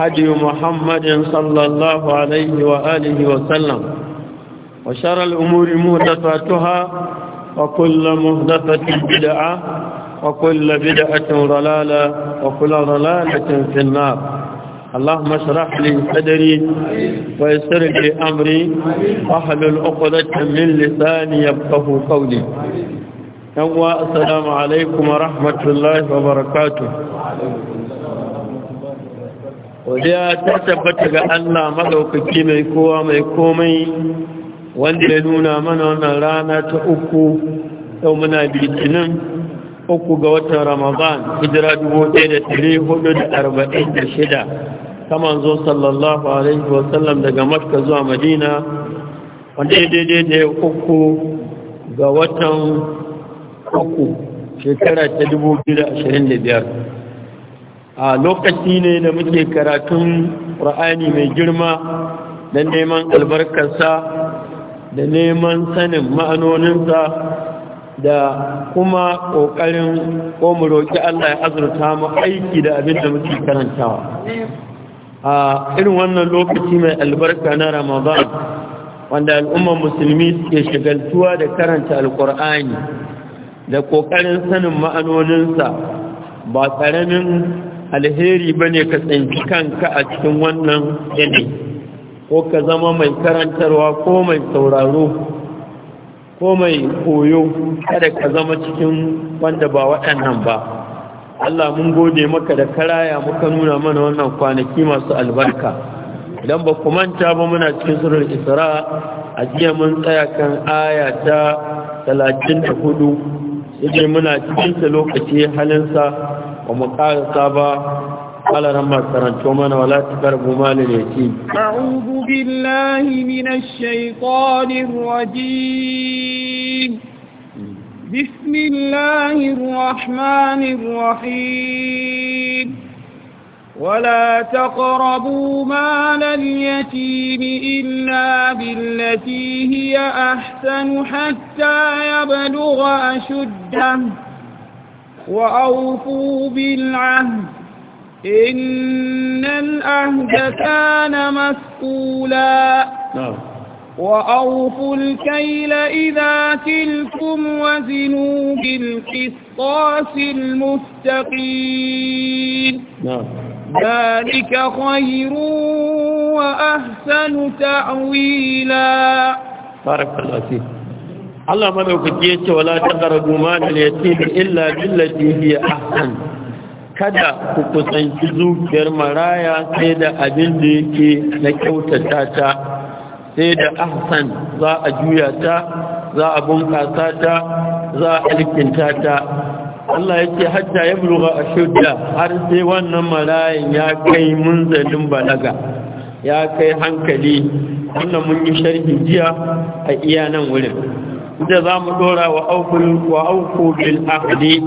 هدي محمد صلى الله عليه وآله وسلم وشر الأمور مهدفاتها وكل مهدفة بدعة وكل بدعة ضلالة وكل ضلالة في النار اللهم اشرح لي صدري ويسر لي أمري واحلل عقدة من لساني يفقه قولي السلام عليكم ورحمة الله وبركاته godiya ta tabbata ga Allah magaukaki mai kowa mai komai wanda ya nuna mana wannan rana ta uku yau muna litinin uku ga watan ramadan hijira 1446 kama zo sallallahu alaihi wasallam daga makka zuwa madina wanda ya daidai da ya uku ga watan uku shekara ta 2025 a lokaci ne da muke karatun ra'ani mai girma da neman albarkarsa da neman sanin ma'anoninsa da kuma ƙoƙarin mu Allah ya azurta mu aiki da abin da muke karantawa a irin wannan lokaci mai albarka na ramadan wanda al'ummar musulmi suke shigaltuwa da karanta alkur'ani da ƙoƙarin sanin ma'anoninsa ba ƙaramin alheri ba ne ka tsanci kanka a cikin wannan yanayi ko ka zama mai karantarwa ko mai sauraro ko mai koyo kada ka zama cikin wanda ba waɗannan ba Allah mun gode maka da karaya muka nuna mana wannan kwanaki masu albarka idan ba ku manta ba muna cikin surar isra a jiya mun tsaya kan aya ta 34 sai muna cikin lokaci sa. ومقال صابا قال لما ترنتم انا ولا تقربوا مال اليتيم اعوذ بالله من الشيطان الرجيم بسم الله الرحمن الرحيم ولا تقربوا مال اليتيم إلا بالتي هي أحسن حتى يبلغ أشده وأوفوا بالعهد إن الأهد كان مسؤولا نعم وأوفوا الكيل إذا تلكم وزنوا بالقصاص المستقيم نعم ذلك خير وأحسن تأويلا بارك الله فيك Allah madaukaki ya ce wala taqrabu malal yatim illa billati hiya ahsan kada ku kusanci zuciyar maraya sai da abin da yake na kyautata ta sai da ahsan za a juya ta za a bunkasa ta za a alkinta ta Allah ya ce hatta ya buluga a har sai wannan marayan ya kai munzalin balaga ya kai hankali wannan mun yi sharhi jiya a iya nan wurin da za mu dora wa auku bil ahdi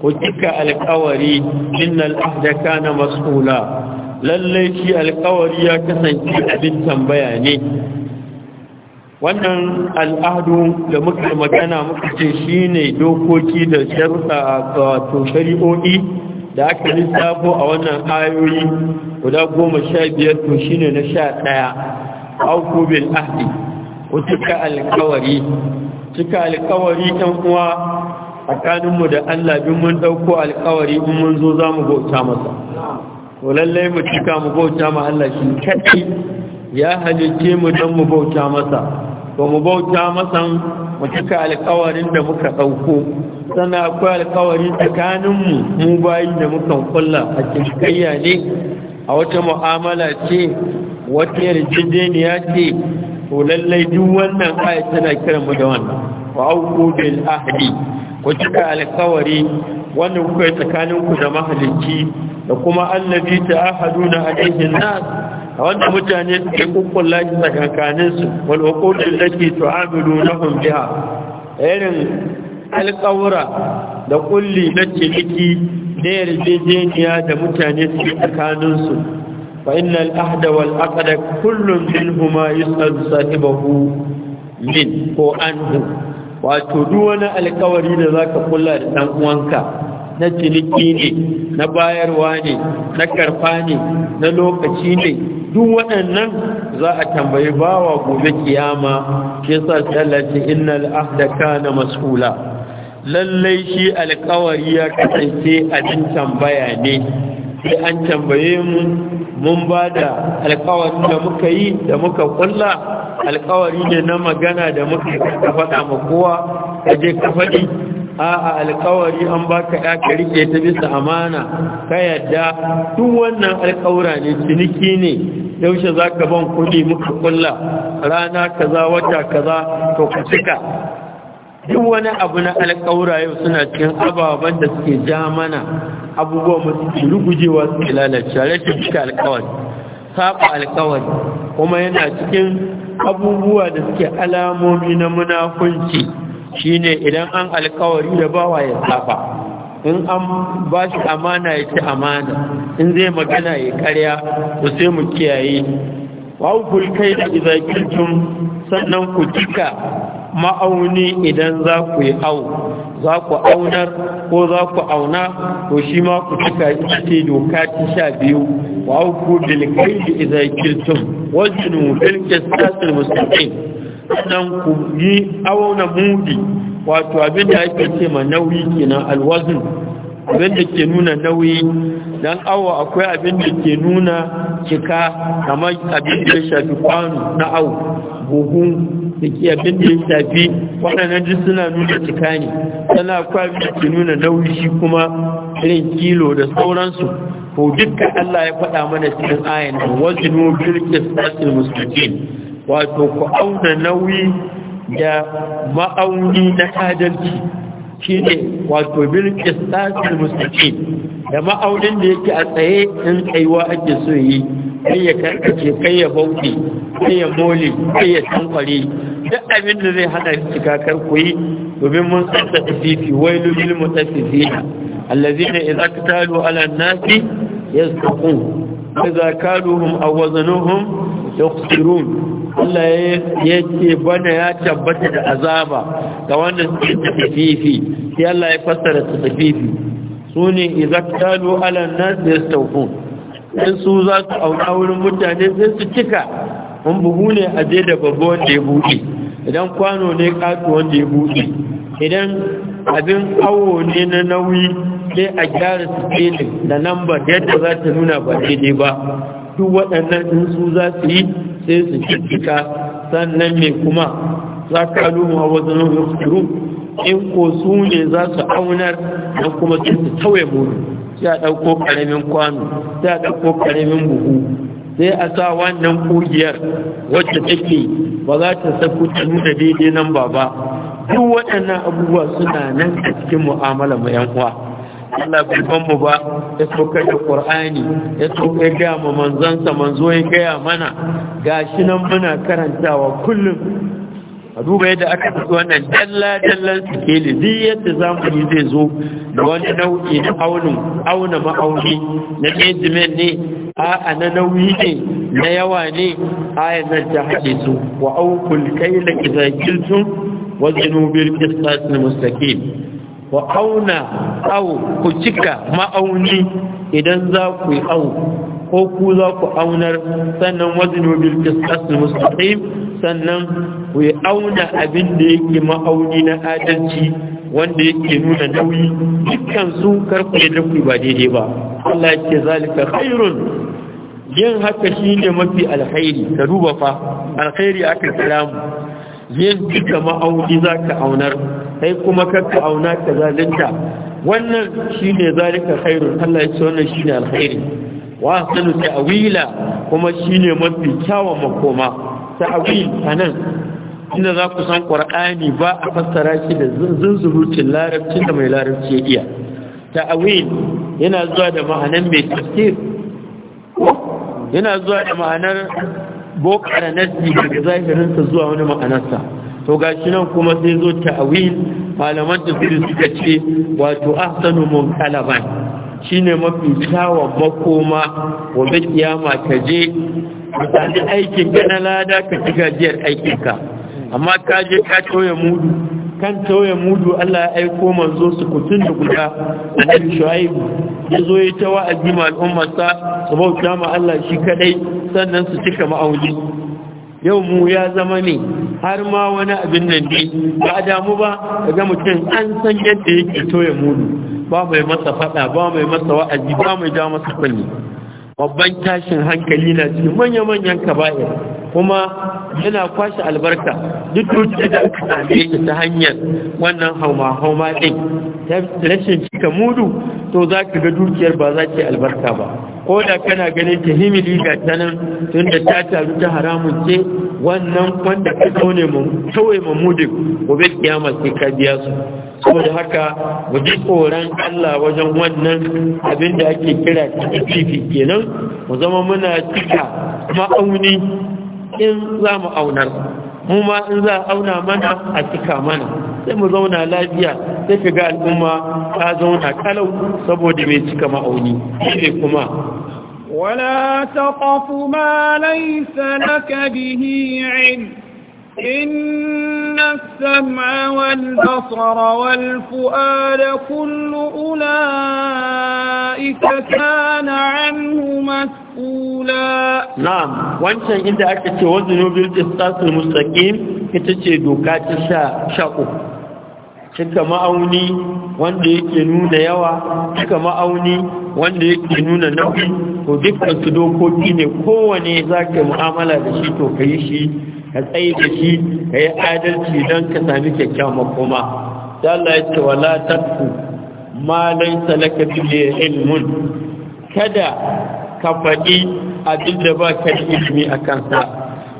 ku cika alkawari innal ahda kana mas'ula Lallai shi alkawari ya kasance abin tambaya ne wannan al'adu da muka magana muka ce shine dokoki da sharuɗa wato shari'o'i da aka lissafo a wannan ayoyi guda goma sha biyar to ne na sha ɗaya auku bil ahdi ku cika alkawari cika alkawari ɗan uwa tsakaninmu da Allah bin mun ɗauko alkawari in mun zo za mu bauta masa ko lallai mu cika mu bauta ma Allah shi kaɗai ya halice mu don mu bauta masa ko mu bauta masa mu cika alkawarin da muka ɗauko sannan akwai alkawari tsakaninmu mu bayi da muka kulla a cikin ne a wata mu'amala ce wata yarjejeniya ce to lallai duk wannan aya tana kiran mu da wannan wa auku bil ahdi ku cika alkawari wannan kuka yi tsakanin ku da mahalicci da kuma annabi ta ahaduna alaihi nas a wanda mutane suke kukkulla shi tsakankanin su wal uqudin lati tu'amilunahum biha irin alkawura da kulli na ciniki da yarjejeniya da mutane suke tsakanin su فإن الأحد والأقد كل منهما يسأل صاحبه من هو da وتدون الكوري لذاك قل uwanka, na ciniki ne na bayarwa ne na karfa ne na lokaci ne duk waɗannan za a tambayi bawa gobe kiyama shi sa tsallace innal ahda na mas'ula lallai shi alƙawari ya kasance abin tambaya ne sai an tambaye mu mun ba da alƙawari da muka yi da muka kulla alkawari ne na magana da muka ka faɗa ma kowa ka je ka faɗi a'a alkawari an ba ka ya ka riƙe ta bisa amana ka yadda duk wannan alkawura ne ciniki ne yaushe za ka ban kuɗi muka kulla rana kaza wata kaza to ka cika duk wani abu na alƙawura yau suna cikin ababen da suke ja mana abubuwa masu gujewa suke lalace rashin cika alƙawari saba alƙawari kuma yana cikin abubuwa da suke alamomi na munafunci shine idan an alƙawari da bawa ya saba in an ba shi amana ya ci amana in zai magana ya karya to sai mu kiyaye wa kai da izakirtum sannan ku cika ma'auni idan za ku yi au za ku aunar ko za ku auna ko shi ma ku cika ita ce doka ta sha biyu wa auku bilkai da idan wajen bil kistasin musulmin sannan ku yi auna mudi wato abin da ake ce ma nauyi kenan alwazin abin da ke nuna nauyi don awo akwai abin da ke nuna cika kamar abin da shafi kwano na awo buhu da ke abin da shafi waɗannan duk suna nuna cika ne sana akwai abin da ke nuna nauyi shi kuma irin kilo da sauransu ko dukkan Allah ya faɗa mana cikin ayan nan bil qisasil mustaqim wato ku auna nauyi da ma'auni na adalci shi ne wato bil kistasin musulci da ma'aunin da yake a tsaye in tsayuwa ake so yi kai ya karkace kai ya bauɗe kai ya mole kai ya tankware duk abin da zai hana cikakar yi. domin mun san tafifi wai lulil mutaffifina allazina idza qatalu ala nasi yasqun idza kaluhum aw wazanuhum yaqsirun Allah yake bana ya tabbata da azaba ga wanda suke tafifi sai Allah ya fassara tafifi sune izaktalu ala nas yastawfun in su za su auna wurin mutane sai su cika in buhu ne a je da babu wanda ya buɗe idan kwano ne ƙato wanda ya buɗe idan abin awo ne na nauyi sai a gyara su da lambar yadda za ta nuna ba daidai ba duk waɗannan in su za su yi sai su cikika sannan mai kuma za ka wata wazanin rufuru in ko su ne za su aunar don kuma sai su tauye mudu sai a ɗauko ƙaramin kwano sai a ɗauko ƙaramin buhu sai a sa wannan ƙungiyar wacce take ba za ta saku ta nuna daidai nan ba ba duk waɗannan abubuwa suna nan a cikin mu'amala mu 'yan uwa Allah bai ban mu ba ya sauka da Qur'ani ya sauka ga mu manzansa manzo ya gaya mana gashi nan muna karantawa kullum a duba yadda aka fi wannan dalla dallan sikeli zai yadda zamani zai zo da wani nau'i na aunin auna ma'auni na kejimen ne a na nauyi ne na yawa ne ayanar ta haɗe su wa aukul kai da kizakiltun wajen nubir kistas na mustaƙi wa auna au ku cika ma'auni idan za ku yi au ko ku za ku aunar sannan wazinu bil qisas mustaqim sannan ku yi auna abin da yake ma'auni na adalci wanda yake nuna nauyi dukkan su karku da ku ba daidai ba Allah ya zalika khairun yin haka shine mafi alkhairi ka duba fa alkhairi aka kira yin duka ma'auni zaka aunar kai kuma karka auna ka zalunta wannan shine zalika khairun Allah ya ce wannan shine alkhairi wa sanu ta'wila kuma shine mafi kyawun makoma ta'wil anan inda za ku san qur'ani ba a fassara shi da zunzurutun larabci da mai larabci ya iya ta'wil yana zuwa da ma'anar mai tafsir yana zuwa da ma'anar bokara nasi daga zahirinsa zuwa wani ma'anarsa to shi nan kuma sai zo ta'awil malaman tafsiri suka ce wato ahsanu munqalaban shine mafi kyawun makoma wa wanda kiyama ta je misali aikin ka na lada ka ci gajiyar aikinka amma ka je ka toye mudu kan toye mudu Allah ya aiko manzo su kutun da guda annabi shuaibu ya zo ya ta wa'azi ma al'ummarsa su bauta ma Allah shi kadai sannan su cika ma'auni yau mu ya zama ne har ma wani abin nan ne ba a damu ba ga mutum an san yadda yake toya mudu ba mai masa fada ba mai masa wa'azi ba mai ja masa kulli babban tashin hankali na cikin manya-manyan kaba'ir kuma yana kwashe albarka duk dukkan da aka same shi ta hanyar wannan hauma-hauma ɗin rashin cika mudu to za ka ga dukiyar ba za ta albarka ba ko da kana ganin ta himili ga ta nan tun da ta taru ta haramun ce wannan wanda ka kaune kawai mamudin gobe kiyama sai ka biya su saboda haka mu ji tsoron Allah wajen wannan abin da ake kira ta kenan mu zama muna cika ma'auni in za mu aunar mu ma in za auna mana a cika mana sai mu zauna lafiya sai shiga al'umma ta zauna kalau saboda mai cika ma'auni shi kuma wala taqafu ma laysa laka bihi in inna as-sam'a wal basara wal fu'ada kullu ulaika kana 'anhu mas Wancan inda aka ce wanda نعم وانشان إذا ce وزنه بالإسطاس المستقيم sha دوكات شاقو cika ma'auni wanda yake nuna yawa cika ma'auni wanda yake nuna nau'i, to dukkan su dokoki ne kowane zaka mu'amala da shi to kai shi ka tsaye da shi ka yi adalci don ka sami kyakkyawa. makoma da Allah ya ce wala taqfu ma laysa laka bihi ilmun kada ka faɗi abin da ba ka da ilimi a kansa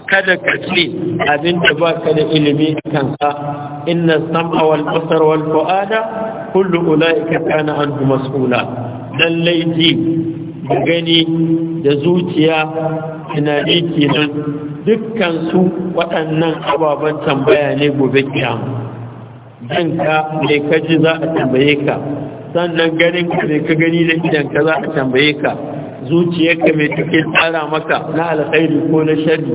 kada ka ce abin da ba ka da ilimi a kansa inna sam'a wal wal kana lallai ji da gani da zuciya tunani kenan dukkan waɗannan ababen tambaya ne gobe kiyama ka mai kaji za a tambaye ka sannan ganin ka mai ka gani da idanka za a tambaye ka zuciyarka mai take tsara maka na alkhairi ko na shari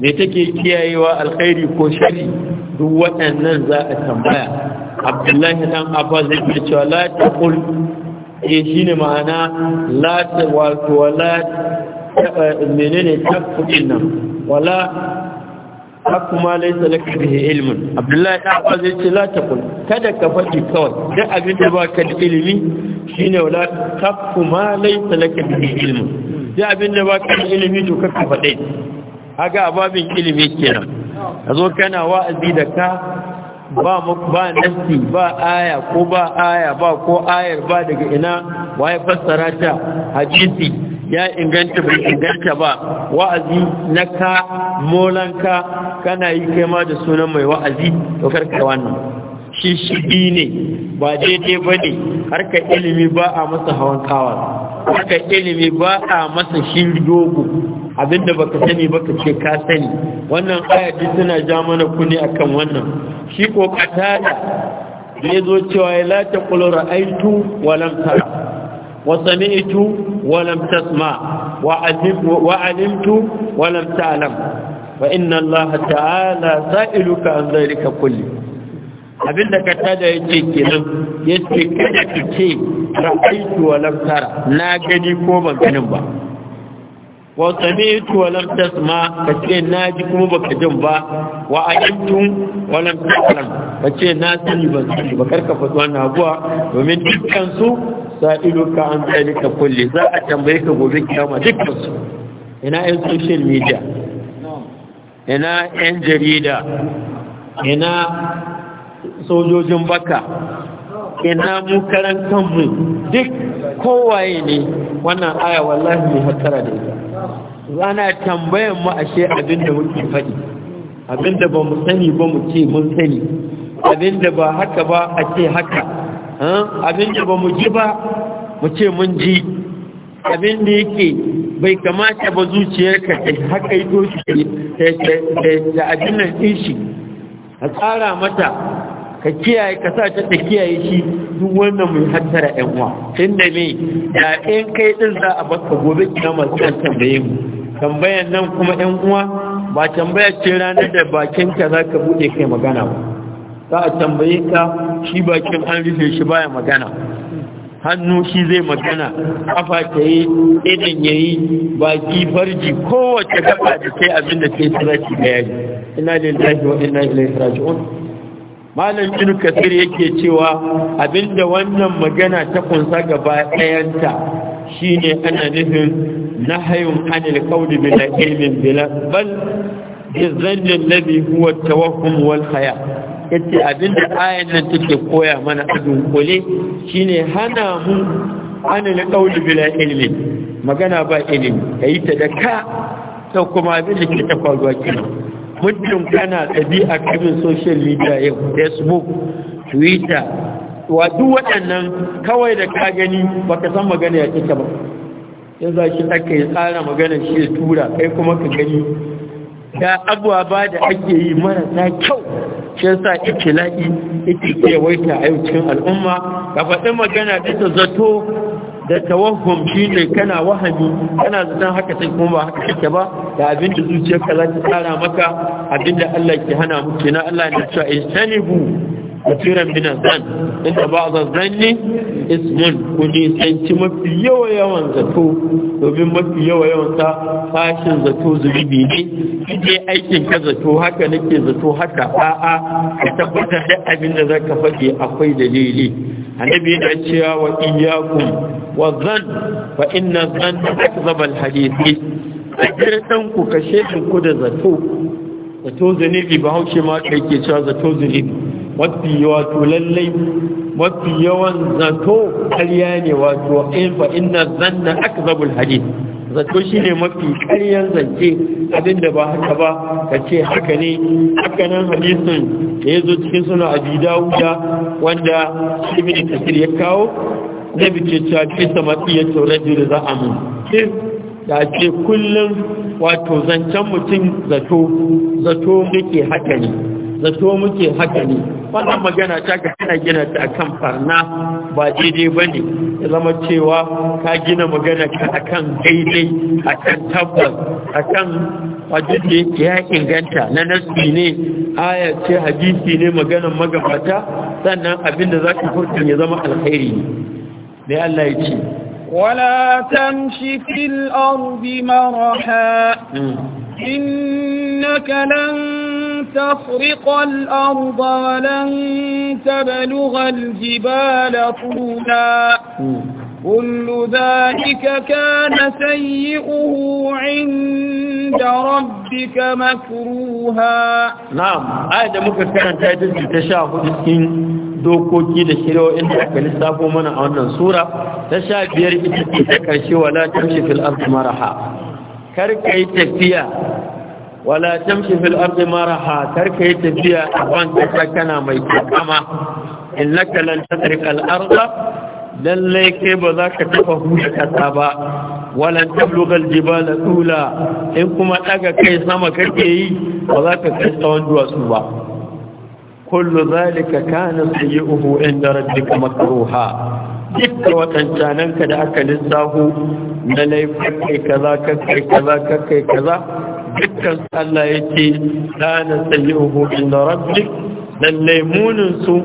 mai take kiyayewa alkhairi ko shari duk waɗannan za a tambaya abdullahi dan Abba zai ce cewa la taqul ke eh, shine ma'ana la ta wato wala menene ta tafkin nan wala kuma laisa ka bihi ilmun abdullahi dan Abba zai ce la taqul kada ka faɗi kawai duk abin da baka da ilimi shine wala taqfu ma laysa laka bi ilmun ya abin da baka da ilimi to kaka faɗe haka ababin ilimi kenan azo kana wa'azi da ka ba ba nasi ba aya ko ba aya ba ko ayar ba daga ina waye fassara ta hadisi ya inganta bai inganta ba wa'azi na ka molanka kana yi kai ma da sunan mai wa'azi to karka wannan shishigi ne ba daidai ba ne harka ilimi ba a masa hawan kawar harka ilimi ba a masa shirgogo abinda baka sani ka ce ka sani wannan ayyadi suna ja mana kuni akan wannan shi ko da ne zo cewa ya lata kulura 'aitu walamta lam tara wa sami'tu wa lam tasma wa alimtu wa lam ta'lam wa inna allaha ta'ala sa'iluka an dhalika kulli abin da ka tada ya ce kenan ya ce kada ka ce ra'aitu wa lamtara na gani ko ban ganin ba wa sami'tu wa lam tasma ka ce na ji kuma baka jin ba wa tun wa lam ta'lam ka ce na sani ban sani ba karka faɗi wannan abuwa domin dukkan su ka an ka kulle. za a tambaye ka gobe kiyama dukkan su ina yan social media ina yan jarida ina sojojin baka ina mu karan mu duk kowaye ne wannan aya wallahi mai hatsara da ita zana tambayan mu ashe abin da muke faɗi abin da ba mu sani ba mu ce mun sani abin da ba haka ba a ce haka abin da ba mu ji ba mu ce mun ji abin da yake bai kamata ba zuciyarka ta haka yi doshi da abin nan ɗin shi a tsara mata ka kiyaye ka sa ta kiyaye shi duk wannan mun hattara ɗan uwa tunda me da in kai din za a baka gobe kiyama kan tambaye mu tambayan nan kuma ɗan uwa ba tambaya ce ranar da bakin ka zaka bude kai magana ba za a tambaye ka shi bakin an rufe shi baya magana hannu shi zai magana kafa ta yi idan ya yi baki farji kowace gaba da kai abinda da ta tsirashi da yaji ina lillahi wa ina ilaihi raji'un malam ibn kasir yake cewa abinda wannan magana ta kunsa gaba ɗayanta shine ana nufin nahyun anil qawli bil ilmin bila bal bizanni alladhi huwa at-tawakkul wal haya yace abinda ayan nan take koya mana a dunkule shine hana mu anil qawli bil ilmi magana ba ilmi kayi ta da ka ta kuma abin da ke ta faruwa kenan muddin kana ɗabi'a kamin social media yau facebook twitter wa waɗannan kawai da ka gani baka san magana ya kika ba ya za shi aka yi tsara magana shi ya tura kai kuma ka gani Ya abuwa ba da ake yi marasa kyau shi sa ikila'i ita waita a yau cikin al'umma ka faɗi magana ita zato da tawahum shine kana wahami kana zaton haka sai kuma ba haka kake ba da abin zuciyarka za ta tsara maka Abinda Allah ke hana muke na Allah ne cewa istanibu kafiran min zan inda ba za zanni ismun ku nisanci mafi yawa yawan zato domin mafi yawa yawan sa zato zunubi ne kike aikin ka zato haka nake zato haka a'a ka tabbatar da abin da zaka faɗi akwai dalili annabi yana cewa wa iyyakum wa zan fa inna zan akzaba alhadisi ajirtan ku kashe ku da zato zato zunubi ba ma kai ke cewa zato zunubi mafi wato lallai mafi yawan zato karya ne wato in fa inna zanna akzabul hadith zato shine mafi karyan zance abinda ba haka ba ka ce haka ne haka nan hadisin da ya zo cikin suna abi dawuda wanda ibn kasir ya kawo na bice cewa bisa matsiyar tauraji da za a mun da ce kullum wato zancen mutum zato zato muke haka ne zato muke haka ne wannan magana ta ga kana gina ta akan farna ba daidai ba ne ya zama cewa ka gina magana ka akan daidai akan tabbas akan wajibi ya inganta na nasbi ne aya ce hadisi ne magana magabata sannan abin da za ka furta ya zama alkhairi ne Allah ya ce ولا تمش في الأرض مرحا إنك لن تخرق الأرض ولن تبلغ الجبال طولا كل ذلك كان سيئه عند ربك مكروها نعم آية مكة كانت تجد تشاهد السن dokoki da shiryoyin da aka lissafo mana a wannan sura ta sha biyar ita ce ta ƙarshe, wala tamshi fil ardi maraha kar ka yi tafiya wala tamshi fil ardi maraha kar ka yi tafiya a ta kana mai takama innaka lan tasriqa al arda lallai kai ba za ka taɓa huda ƙasa ba walan tablugal jibala tula in kuma ɗaga kai sama kake yi ba za ka kai tsawon duwatsu ba kullu zalika kana sayyi'uhu inda rabbika makruha dukka wadancanan ka da aka lissafu na laifin kai kaza ka kai kaza ka kai kaza dukkan Allah yake kana sayyi'uhu inda rabbik lallai munin su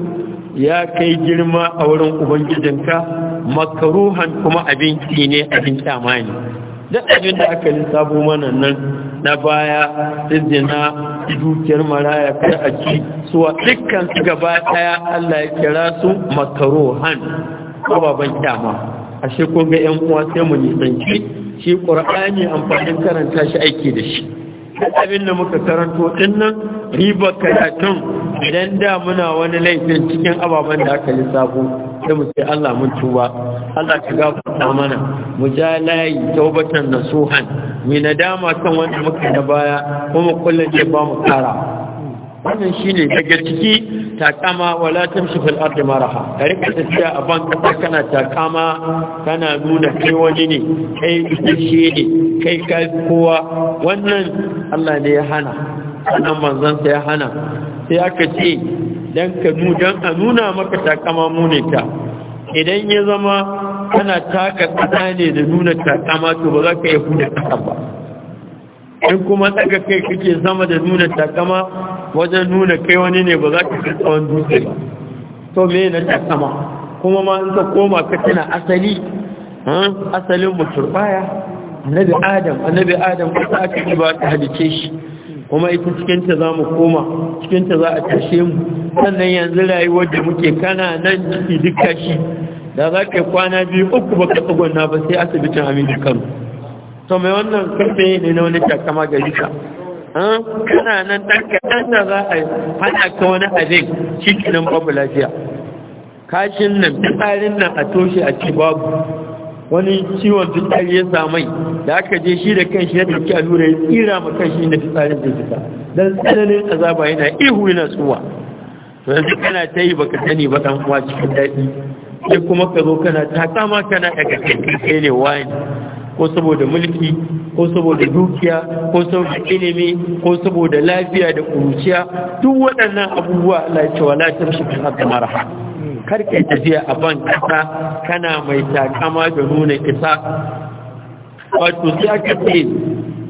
ya kai girma a wurin ubangijinka makaruhan kuma abinci ne abin kyama ne duk abin da aka sabu mana nan na baya izina dukiyar maraya ta a ci suwa dukkan su gaba daya Allah ya kira su makaruhan ababen kyama ashe ko ga yan uwa sai mu nisanci shi qur'ani amfanin karanta shi aiki da shi abin da muka karanto dinnan riba karatun idan da muna wani laifin cikin ababen da aka lissafo sai mu sai Allah mun tuba Allah ka gafarta mana mu ja layi taubatan nasuhan mu nadama kan wanda muka da baya kuma kullun zai ba mu kara wannan shine daga ciki takama wala tamshi fil ardi maraha ka rika tafiya a ban kasa kana takama kana nuna kai wani ne kai shi ne kai kai kowa wannan Allah ne ya hana sannan manzon sa ya hana sai aka ce dan ka nu dan a nuna maka takama munita idan ya zama kana taka kasa ne da nuna takama to ba za ka yi huda kasa ba in kuma daga kai kake zama da nuna takama wajen nuna kai wani ne ba za ka fi tsawon dutse ba to me na ta sama kuma ma in ka koma ka tana asali asalin mutum baya annabi adam annabi adam ba ta ake ba ta halice shi kuma ita cikinta za mu koma cikinta za a tashe mu sannan yanzu rayuwar da muke kana nan ciki duka shi da za ka kwana biyu uku ba ka tsogonna ba sai asibitin amin kano to mai wannan karfe ne na wani takama ga ka kana nan ɗan kaɗan da za a hana ka wani abin cikin babu lafiya kashin nan fitsarin nan a toshe a ci babu wani ciwon fitsari ya samai da aka je shi da kanshi ya ɗauki lura ya tsira ma kanshi da fitsarin da fita don tsananin azaba yana ihu yana tsuwa to yanzu kana ta yi baka sani ba ɗan uwa cikin daɗi sai kuma ka zo kana ta kama kana daga kai ne wani ko saboda mulki ko saboda dukiya ko saboda ilimi ko saboda lafiya da kuruciya duk waɗannan abubuwa Allah ya ce wala tamshi fil marha kar ka tafiya a ban kasa kana mai takama da nuna isa wato sai aka ce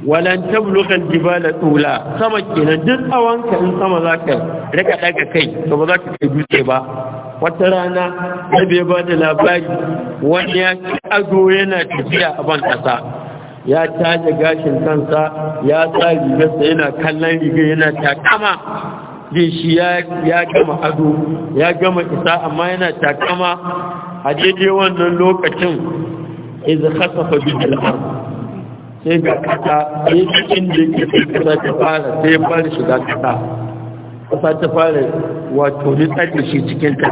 walan tablughal jibala tula sama kenan duk awanka in sama zaka rika daga kai to ba za ka kai dutse ba wata rana bai ba da labari wani ya ci ado yana tafiya a ban ƙasa ya taje gashin kansa ya sa rigarsa yana kallon riga yana takama jin shi ya gama ado ya gama isa amma yana takama a daidai wannan lokacin izu kasafa bikin sai ga kasa sai cikin da ke kasa ta fara sai ya fara shiga kasa kasa ta fara wato nutsar da shi cikinta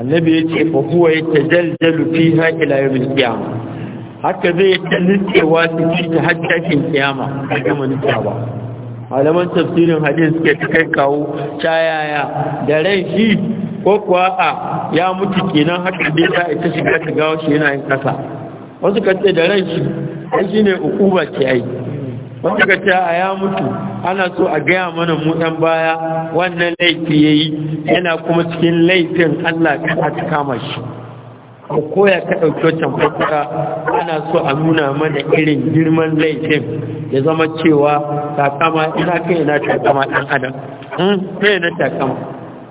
annabi ya ce fa kuwa ya tajaljalu fiha ila yawmil qiyama haka zai ta nutsewa cikin ta har tashin kiyama a gama nutsawa malaman tafsirin hadis suke ta kai kawo cayaya da rai shi ko kuwa a ya mutu kenan haka dai za ita shiga ta gawa shi yana yin kasa wasu kace da rai shi ai ne ukuba ce ai wanda ka ce a ya mutu ana so a gaya mana mu ɗan baya wannan laifi ya yi yana kuma cikin laifin Allah ka ta kama shi ko koya ka ɗauki wancan fasara ana so a nuna mana irin girman laifin ya zama cewa takama ina kai na takama ɗan adam hmm, kai na takama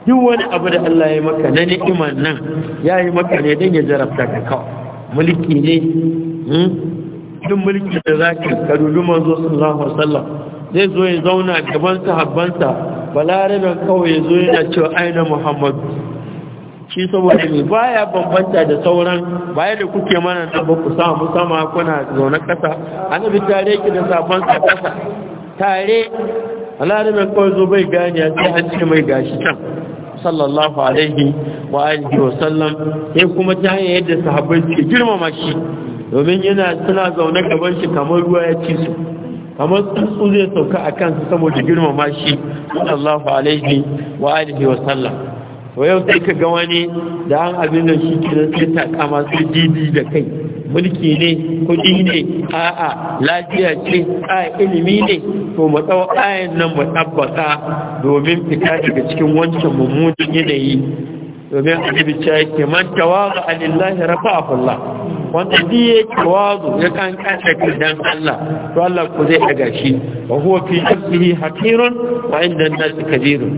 duk wani abu da Allah ya maka na ni'imar nan ya yi maka ne don ya jarabta ka kawai mulki ne hmm? duk mulki da zaki ka dubi manzo sallallahu alaihi wasallam zai zo ya zauna gaban sahabbansa balaraban kawai ya zo yana cewa aina muhammadu shi saboda ne baya bambanta da sauran baya da kuke mana na ba ku samu sama kuna zaune kasa annabi tare ki da sabon sa kasa tare balaraban kawai zo bai gani sai an ce mai gashi can sallallahu alaihi wa alihi wa sallam sai kuma ta hanyar yadda sahabbai suke girmama shi domin yana suna zaune gaban shi kamar ruwa ya ci su kamar tsuntsu zai sauka a kansu saboda girmama shi sallallahu alaihi wa alihi wa sallam to yau sai ka ga wani da an abin da shi ke sai ta kama su didi da kai mulki ne kudi ne a'a lafiya ce a ilimi ne to mu ayin nan mu tabbata domin fita daga cikin wancan mummunan yanayi domin annabi ce yake man tawazu alillahi rafa'ahullah wanda ɗi ya tawazu ya kan kasa dan Allah to Allah ku zai ɗaga shi wa kuwa fi nafsihi hakirun wa inda an-nas kabirun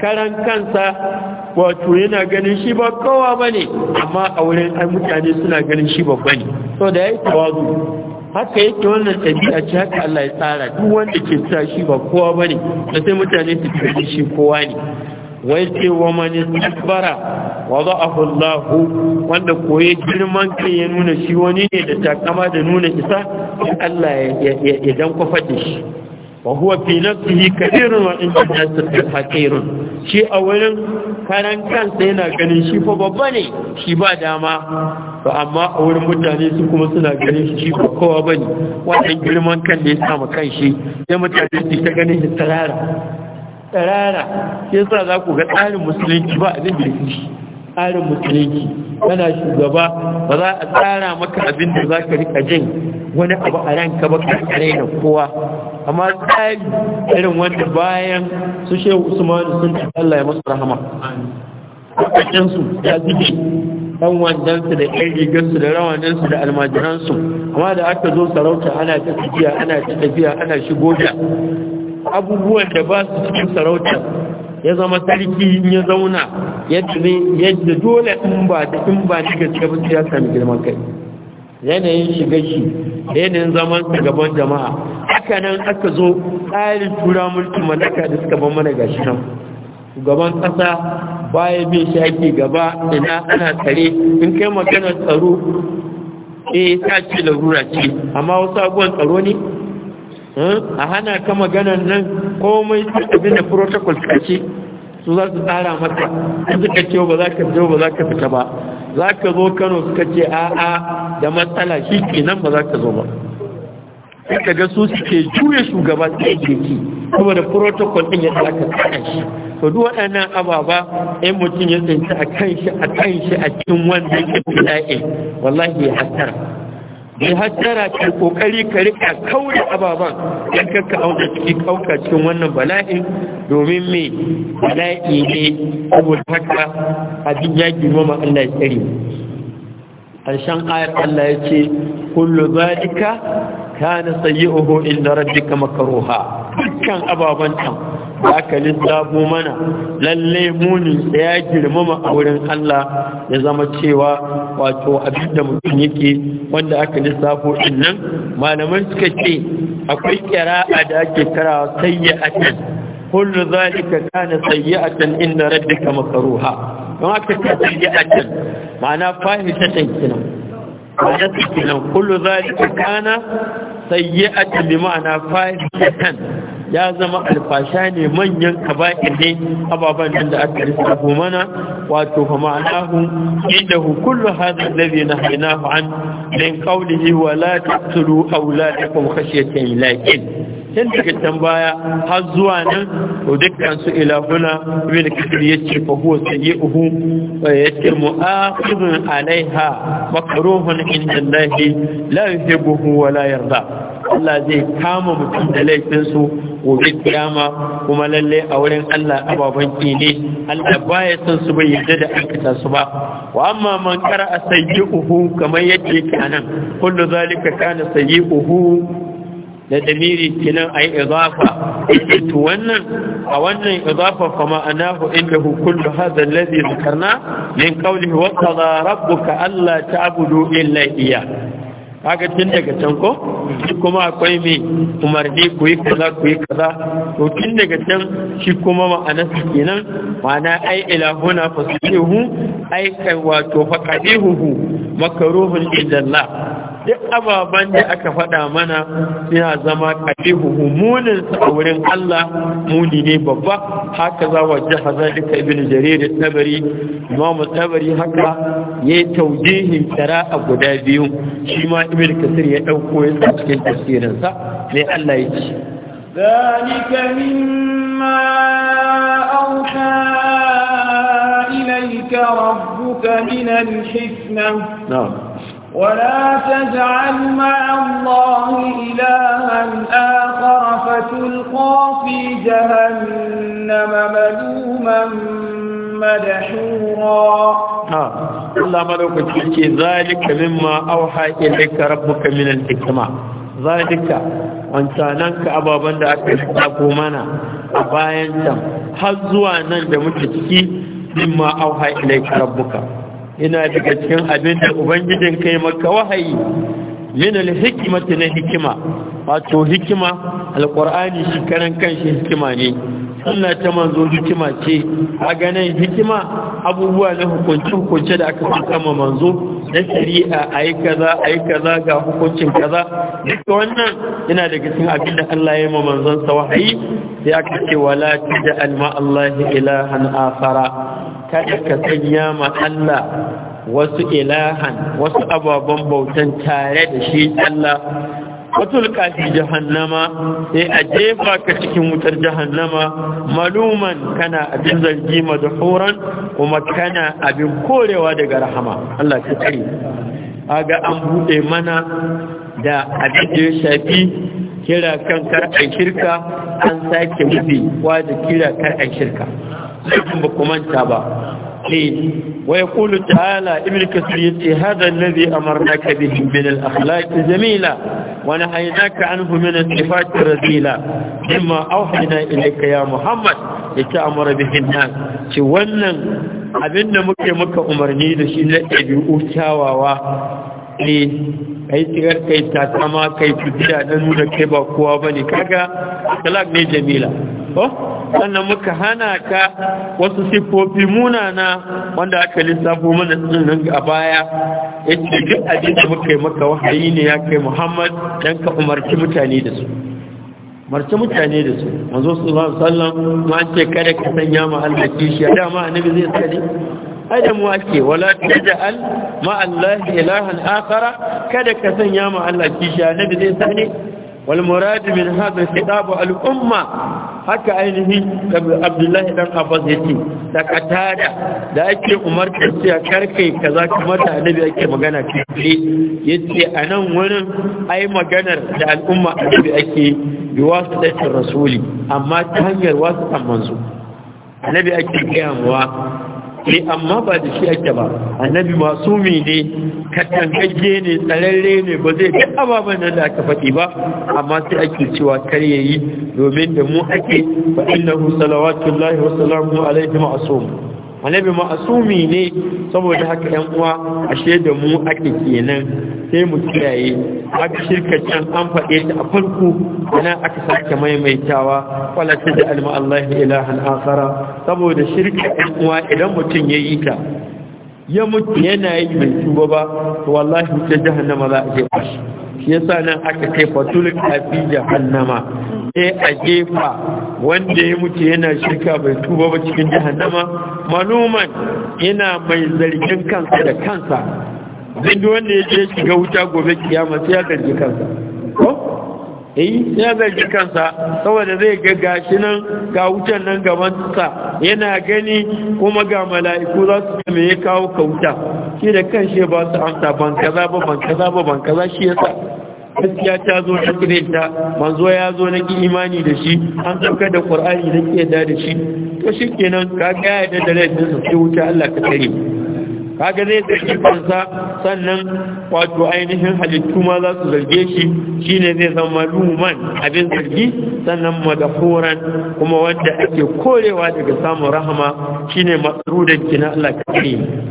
karan kansa wato yana ganin shi ba kowa ba ne, amma a wurin mutane suna ganin shi babba ne so da ya yi tawazu haka yake wannan ɗabi'a ce haka Allah ya tsara duk wanda ke sa shi ba kowa bane sai mutane su tafi shi kowa ne wai wa mani tabbara wa za'ahu Allah wanda koye girman kai ya nuna shi wani ne da takama da nuna isa Allah ya dan kwafa da shi wa huwa fi nafsihi kabirun wa inda nafsihi hakirun shi a wurin karan kansa yana ganin shi fa babba ne shi ba dama to amma a wurin mutane su kuma suna ganin shi ba kowa bane wannan girman kan da ya samu kan shi sai mutane su ta ganin shi tsarara karara sai sa za ku ga tsarin musulunci ba abin da shi tsarin musulunci kana shugaba ba za a tsara maka abin da za ka rika jin wani abu a ranka ba ka na kowa amma tsari irin wanda bayan su shehu usmanu sun ci Allah ya masu rahama kwakwacensu ya zube ɗan wandansu da ɗan rigarsu da rawaninsu da almajiransu amma da aka zo sarauta ana ta tafiya ana ta tafiya ana shigo da abubuwan da ba su cikin sarautar ya zama sarki ya zauna yadda dole in ba da in ba ni gaske ya sami girman kai yanayin shiga shi yanayin zaman gaban jama'a haka nan aka zo tsarin tura mulki mallaka da suka ban mana gashi nan gaban kasa baya bin shi ake gaba ina ana tare in kai magana tsaro eh ta ce larura ce amma wasu abubuwan tsaro ne Hmm? a hana ka maganan nan komai abin da protocol ta ce su za su tsara maka in suka ce ba za ka zo ba za ka fita ba za ka zo kano suka ce a'a da matsala shi ke nan ba za ka zo ba sai ka ga su suke juya shugaba ta Kuma saboda protocol ɗin ya tsaka tsaka shi to duk waɗannan ababa ɗan mutum ya tsinci a kan shi a kan shi a cikin wanda yake wallahi ya hasara mai hajjara ke kokari ka rika ababen, ababan yan kakka auna ciki kauka cikin wannan bala'in domin mai bala'i ne saboda haka abin ya girmama Allah ya tsare harshen ayar Allah ya ce kullu zalika kana sayyi'uhu inda rabbika makruha dukkan ababan tan da aka lissafo mana lalle muni ya girmama a wurin Allah ya zama cewa wato abin da mutum yake wanda aka lissafo din nan malaman suka ce akwai kira'a da ake karawa sayyi'atan kullu zalika kana sayyi'atan inda rabbika makruha don aka ce sayyi'atan ma'ana fahimtatan kenan ma'ana kenan kullu zalika kana sayyi'atan bi ma'ana fahimtatan ya zama alfasha ne manyan kaba'ir ne ababen nan da aka lissafo mana wato fa ma'anahu inda hu kullu hadha alladhi nahaynahu an min qawlihi wa la taqtulu awladakum khashyata imlakin tun daga can baya har zuwa nan to dukkan su ilahuna ibn kasir yace fa huwa sayyi'uhu wa yace mu'akhidun alaiha makruhun inda Allah la yuhibbuhu wa la yarda Allah zai kama mutum da laifinsu gobe kiyama kuma lalle a wurin Allah ababen kine, Allah baya son su bai yarda da aikata su ba wa amma man kara a kamar yadda yake anan kullu zalika kana sayyi'uhu da damiri kinan ai idafa to wannan a wannan idafa fa ma'anahu indahu kullu hadha alladhi dhakarna min qawlihi wa qadara rabbuka alla ta'budu illa iyyah kaga tun daga can ko shi kuma akwai mai umarni ku yi kaza ku yi kaza to tun daga can shi kuma su kenan ma'ana ai ilahuna fasihu ai kai wato faqadihu makaruhun illallah duk ababen da aka faɗa mana suna zama ƙabihu munin a wurin Allah muni ne babba haka za wa jaha zalika ibn jarir tabari imam tabari haka ya taujihin tsara a guda biyu shi ma ibn kasir ya dauko ya cikin tafsirinsa mai Allah ya ce ذلك مما أوحى إليك ربك من الحكمة نعم ولا تجعل مع الله إلها آخر فتلقى في جهنم ملوما مدحورا Allah madaukaki ce zalika mimma auha ilayka rabbuka min al-hikma zalika wancanan ka ababan da aka lissafo mana a bayan can har zuwa nan da muke ciki mimma auha Ina daga cikin abin da ubangijin kai maka wahayi min alhikmati na hikima wato hikima alqur'ani shi karan kanshi hikima ne sunna ta manzo hikima ce a ganin hikima abubuwa na hukunci hukunce da aka ma manzo na shari'a ayi kaza ayi kaza ga hukuncin kaza duk wannan yana daga cikin abin da Allah ya yi manzon sa wahayi sai aka ce wala taj'al ma Allah ilahan akhara kada ka sanya ma Allah wasu ilahan wasu ababen bautan tare da shi Allah watul kafi jahannama sai a jefa ka cikin wutar jahannama maluman kana abin zargi madhuran kuma kana abin korewa daga rahama Allah ka a ga an bude mana da abin da ya shafi kira kan kar a shirka an sake mutuwa da kira kar a shirka sai kuma manta ba الدين ويقول تعالى ابن كثير هذا الذي أمرناك به من الأخلاق الجميلة ونهيناك عنه من الصفات الرذيلة مما أوحينا إليك يا محمد لتأمر به الناس شوانا abinda muke maka umarni da shi na ɗabi'u kyawawa ne kai tsirar kai tatama kai tudiya na nuna kai ba kowa ba ne kaga talak ne jamila ko sannan muka hana ka wasu siffofi munana wanda aka lissafo mana nan a baya yace duk abin da muka yi maka wahayi ne ya kai Muhammad dan ka umarci mutane da su marci mutane da su manzo sallallahu alaihi wasallam ma ce kada ka sanya ma Allah kishiya ma annabi zai sani. adam wake wala taj'al ma Allah ilahan akhara kada ka sanya ma Allah kishiya annabi zai sani. والمراد من هذا الخطاب al'umma. haka ainihi abdullahi dan abbas ya ce da katada da ake umarta cewa karkai kaza kamar da annabi ake magana ce ya ce a nan ai maganar da al'umma annabi ake bi wasu ɗakin rasuli amma ta hanyar wasu manzo annabi ake kayawa ne eh, amma ba da shi ake ba annabi masumi ne katangagge ne tsararre ne ba zai da ababen da aka faɗi ba amma sai ake cewa kar yayi domin da mu ake fa innahu salawatullahi wa salamuhu alaihi ma'sum annabi ma'asumi ne saboda haka yan uwa ashe da mu ake kenan sai mu kiyaye aka shirka can an faɗe ta a farko ana aka sake maimaitawa wala ta da alma Allah ilahan akhara saboda shirka yan uwa idan mutum ya yi ta ya mutu yana yi bai tuba ba to wallahi ta jahannama za a je shi yasa nan aka kai fatul kafi jahannama sai a jefa wanda ya mutu yana shirka bai tuba ba cikin jahannama manuman yana mai zargin kansa da kansa duk wanda ya je shiga wuta gobe kiyama sai ya zargi kansa ko eh ya zargi kansa saboda zai ga gashi nan ga wutan nan gaban sa yana gani kuma ga mala'iku za su me ya kawo ka wuta shi da kanshi ba su amsa ban kaza ba ban kaza ba ban kaza shi yasa gaskiya ta zo na ta, manzo ya zo na ki imani da shi an ɗauka da ƙwar'ani da ke yadda da shi to shi kenan ka gaya da dare da su sai wuta Allah ka tare ga zai tsaki kansa sannan wato ainihin halittu ma za su zarge shi shine zai zama luman abin zargi sannan madahuran kuma wanda ake korewa daga samun rahama shine da kina Allah ka tare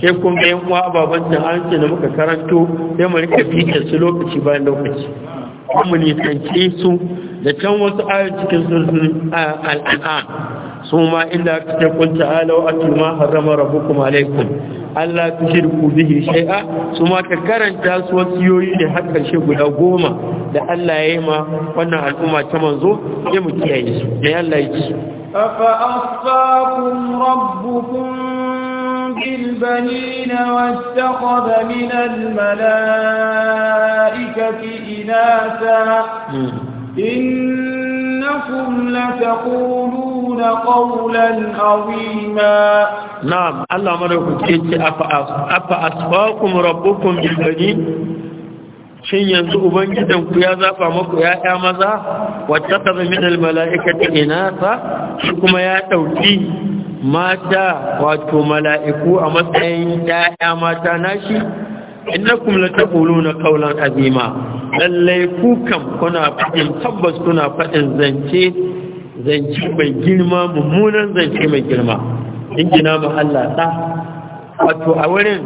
sai kun ga yan uwa baban da an da muka karanto sai mu rika fitar su lokaci bayan lokaci mu nisance su da can wasu ayoyi cikin sursun al'ada su ma illa ka ce kun ta'ala wa atu ma harrama rabbukum alaikum Allah ku shirku bihi shay'a su ma ka karanta su wasu yoyi da har karshe guda goma da Allah ya yi ma wannan al'umma ta manzo sai mu kiyaye su da Allah ya ci أفأصفاكم ربكم بالبنين واتخذ من الملائكة إناثا إنكم لتقولون قولا عظيما نعم الله مرحبا أفأصفاكم ربكم بالبنين shin yanzu ubangidanku ya zafa maku ya'ya maza wata kaza minal mala'ikata inasa shi kuma ya ɗauki mata wato mala'iku a matsayin ya'ya mata nashi innakum taquluna qawlan azima lallai ku kam kuna fadin tabbas kuna fadin zance zance mai girma mummunan zance mai girma In injina mu Allah da wato a wurin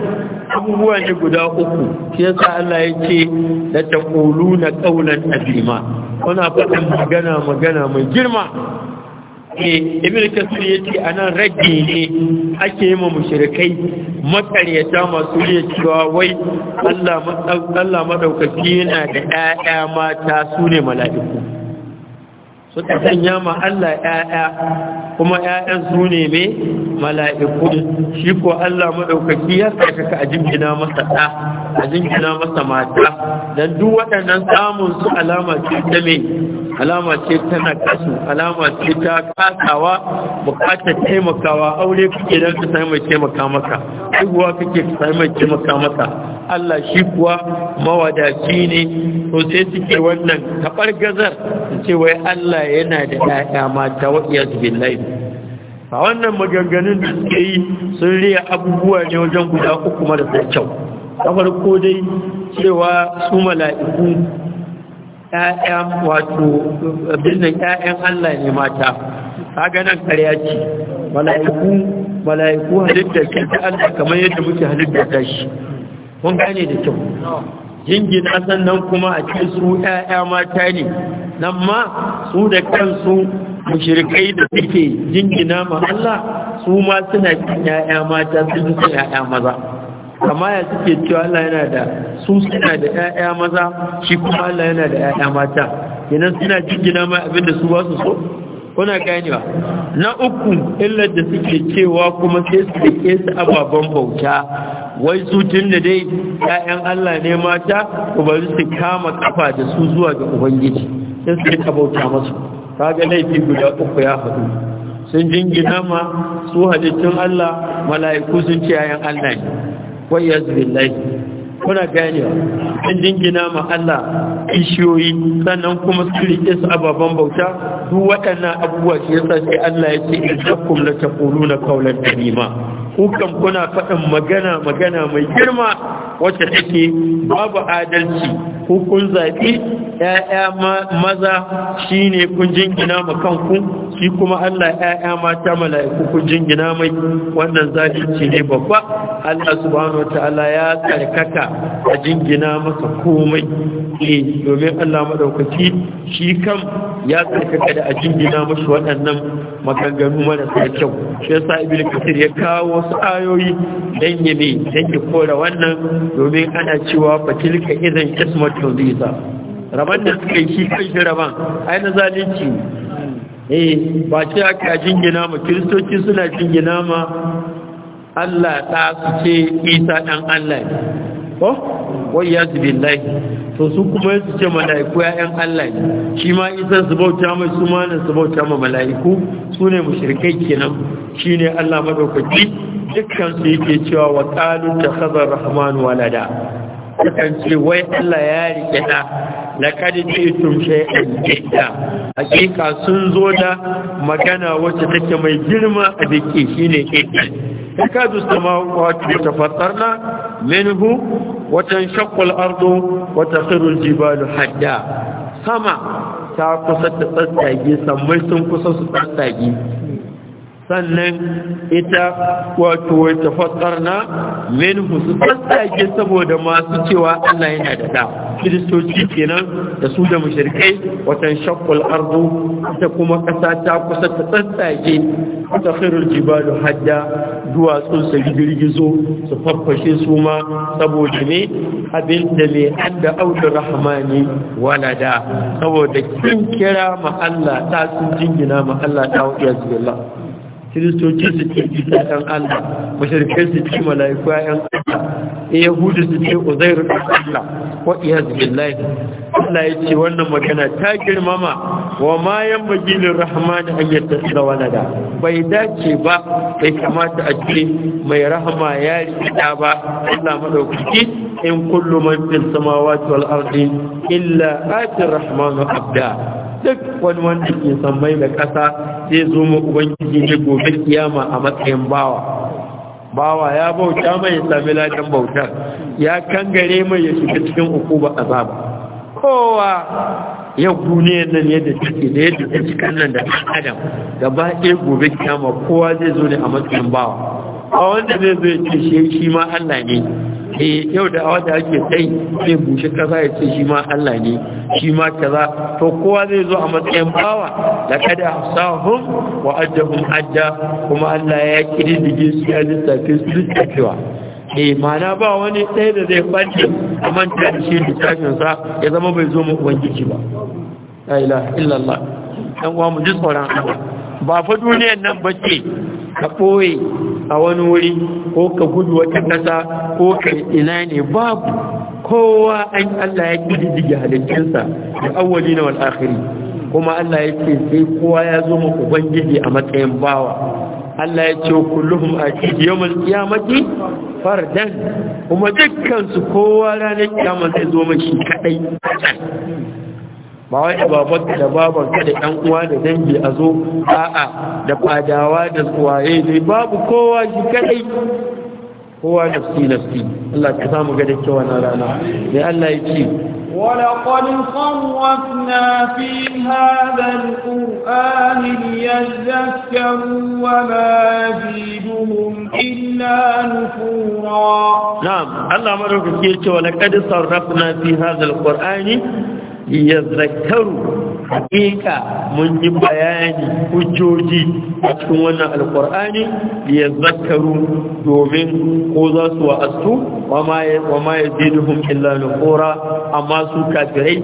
abubuwa ne guda uku shi yasa Allah ya ce da ta kulu na ƙaunar azima kuna faɗin magana magana mai girma ke eh, ibn kasir ya ce anan rage ne ake yi ma mashirikai. makaryata masu ne cewa wai Allah madaukaki yana da ɗaya mata su ne mala'iku suka sanya ma Allah ɗaya kuma ‘ya'yan su ne me mala'iku shi ko Allah maɗaukaki ya saka ka a jingina masa ɗa a jingina masa mata don duk waɗannan samun su alama ce ta me alama ce ta nakasu alama ce ta kasawa bukatar taimakawa aure kake don ka sami mai taimaka maka haihuwa kake ka sami mai taimaka maka Allah shi kuwa mawadaci ne to sai suke wannan taɓar gazar su ce wai Allah yana da ‘ya'ya mata wa iya a wannan maganganun da suke yi sun riya abubuwa ne wajen guda uku marasa kyau ta farko dai cewa su mala'iku ‘ya'yan wato birnin ‘ya'yan Allah ne mata ta ganin ƙarya ce mala'iku mala'iku halittar ta Allah kamar yadda muke halittar ta shi kun gane da kyau jingina sannan kuma a ce su ‘ya'ya mata ne nan ma su da kansu mushirikai da suke jingina ma Allah su ma suna cin ‘ya'ya mata sun ‘ya'ya maza kama ya suke cewa Allah yana da su suna da ‘ya'ya maza shi kuma Allah yana da ‘ya'ya mata kenan suna jingina ma abinda su ba su so kuna ganewa na uku illar da suke cewa kuma sai su rike su ababen bauta wai su tun dai 'ya'yan Allah ne mata ku bari su kama kafa da su zuwa ga ubangiji sai su ka bauta masu kaga laifi guda uku ya hadu sun jingina ma su halittun Allah mala'iku sun ce 'ya'yan Allah ne wai yazbillahi kuna gani in jingina ma Allah kishiyoyi sannan kuma su rike su ababan bauta duk waɗannan abubuwa shi yasa sai Allah ya ce in takum la taquluna qawlan karima kukan kuna faɗin magana magana mai girma wacce take babu adalci kun zaɓi ‘ya'ya maza shi ne kun jingina ma kanku shi kuma Allah ‘ya'ya mata mala'iku kun jingina mai wannan zaɓi ne babba Allah subhanahu wa ta'ala ya tsarkaka a jingina maka komai Eh domin Allah maɗaukaki shi kan ya tsarkaka da a jingina mashi waɗannan maganganu marasa kyau shi ya sa ibn kasir ya kawo wasu ayoyi don ya me don ya kora wannan domin ana cewa fatilka izan ismatul ziza Rabon da suka yi shi kai shi rabon ai na zalunci eh ba ce aka jingina ma kiristoci suna jingina ma Allah ta su ce isa ɗan Allah wai billahi to su kuma su ce mala'iku ya'yan Allah ne shi ma isa su bauta mai su ma su bauta ma mala'iku su ne mushrikai kenan Shi ne Allah madaukaki dukkan su yake cewa wa qalu takhadha rahmanu walada sukan ce wai Allah ya rike da na kadiji tun shay'an jidda hakika sun zo da magana wacce take mai girma a dake shine kidda takadu samawati tafattarna minhu wa tanshaqqu al-ardu wa takhirru al-jibalu hadda sama ta kusa ta tsatsage sammai sun kusa su tsatsage sannan ita wato ta tafassar na minhu su tsage saboda masu cewa Allah yana da da kiristoci kenan da su da mushrikai watan shaqqul arzu. ta kuma kasa ta kusa ta tsage ta khairul jibalu hadda duwatsun su girgizo su farfashe su ma saboda ne abin da ne adda audu rahmani da. saboda kin kira ma Allah ta sun jingina ma Allah ta wa kiristoci su ce isa ɗan allah mashirkai su ce mala'iku ‘yan allah hudu su ce uzairu ɗan allah wa iya laifin allah ya ce wannan magana ta girmama wa ma yan bagilin rahama da hanyar ta tsira wani da bai dace ba bai kamata a ce mai rahama ya rikita ba allah maɗaukaki in kullum mafi samawa samawati ardi illa atir rahmanu abda duk wani wanda ke mai da ƙasa zai zo mu ubangiji ne gobe kiyama a matsayin bawa bawa ya bauta mai sami dan bautar ya kangare mai ya shiga cikin ukuba azaba kowa ya gune nan yadda take da yadda take kan nan da adam gaba ɗaya gobe kiyama kowa zai zo ne a matsayin bawa ba wanda zai zai ce shi shi ma Allah ne e yau da awa da ake tsayi zai bushe kasa ya ce shi ma Allah ne shi ma kaza to kowa zai zo a matsayin bawa da kada sahum wa addahum adda kuma Allah ya kididdige su ya lissafe su lissafewa eh mana ba wani sai da zai kwanci a manta da shi littafinsa ya zama bai zo mu ubangiji ba la ilaha illallah dan uwa mu ji tsoron ba fa duniyar nan bace ka ɓoye a wani wuri ko ka gudu wata ƙasa ko ka ina ne babu kowa an Allah ya ƙididdige halittunsa da awwali na wal'akhiri kuma Allah ya ce sai kowa ya zo ma ubangiji a matsayin bawa Allah ya ce kullum a cikin mai kiyamaki fardan kuma dukkansu kowa ranar kiyama zai zo mashi kaɗai ba wai da da babanka da ɗan uwa da dangi a zo a'a da fadawa da tsuwaye dai babu kowa shi kadai kowa nafsi nafsi Allah ka samu ga dake wannan rana ne Allah ya ce ولقد صرفنا في هذا القرآن ليذكروا وما يزيدهم إلا نفورا نعم الله مرحبا كيرك ولقد صرفنا في هذا القرآن ya zakaru haƙiƙa mun yi bayani hujjoji a cikin wannan alƙur'ani ya zakaru domin ko za su wa'astu wa ma ya duhun illa nufura amma su kafirai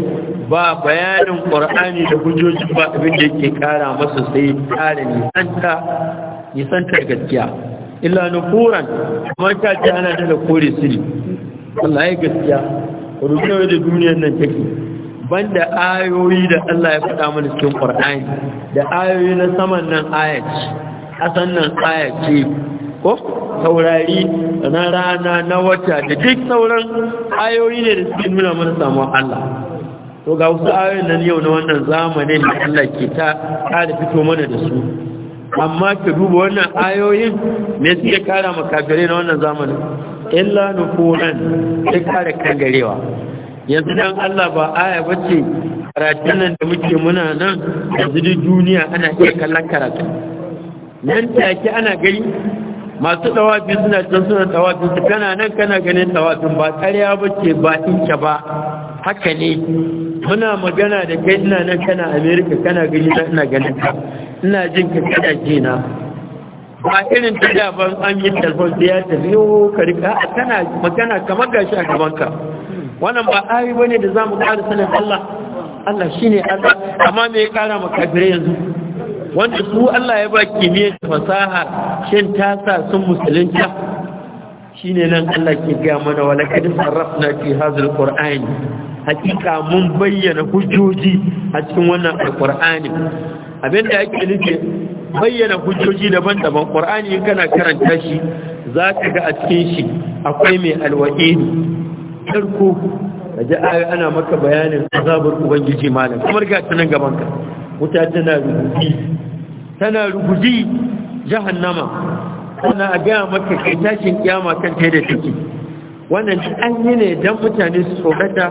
ba bayanin ƙur'ani da hujjoji ba abin da yake kara masu sai kara nisanta nisantar gaskiya illa nufuran kamar ta ce ana da kore siri Allah ya gaskiya rubuta da duniyar nan take banda ayoyi da Allah ya faɗa mana cikin Qur'ani da ayoyi na saman nan ayat asan nan ce ko saurari na rana na wata da duk sauran ayoyi ne da suke nuna mana samuwa Allah to ga wasu ayoyin nan yau na wannan zamanin da Allah ke ta kada fito mana da su amma ka duba wannan ayoyin me suke kara makafirai na wannan zamanin illa nufuran sai kare kangarewa yanzu dan Allah ba aya bace karatun nan da muke muna nan yanzu duk duniya ana iya kallon karatu nan take ana gani masu tawafi suna can suna tawafi kana nan kana ganin tawafin ba ƙarya bace ba inke ba haka ne muna magana da kai ina nan kana America kana gani na ina ganin ka ina jin ka kada jina ba irin ta da ban an yi talfon da ya tafi yau ka rika kana magana kamar gashi a gaban ka wannan ba ayi bane da zamu ƙara sanin Allah Allah shine Allah amma me ya ƙara maka kafirai yanzu wanda su Allah ya ba kimiyyar fasaha shin ta sa sun musulunta shine nan Allah ke ga mana wala kad sarrafna fi hadha alquran hakika mun bayyana hujjoji a cikin wannan alqur'ani abinda yake nufi bayyana hujjoji daban-daban qur'ani in kana karanta shi Za ka ga a cikin shi akwai mai alwa'idi tarko da ji aya ana maka bayanin azabar ubangiji malam kamar ga ta nan gabanka wuta tana ruguji tana ruguji jahannama tana a gaya maka kai tashin kiyama kan ta da take wannan an yi ne don mutane su tsorata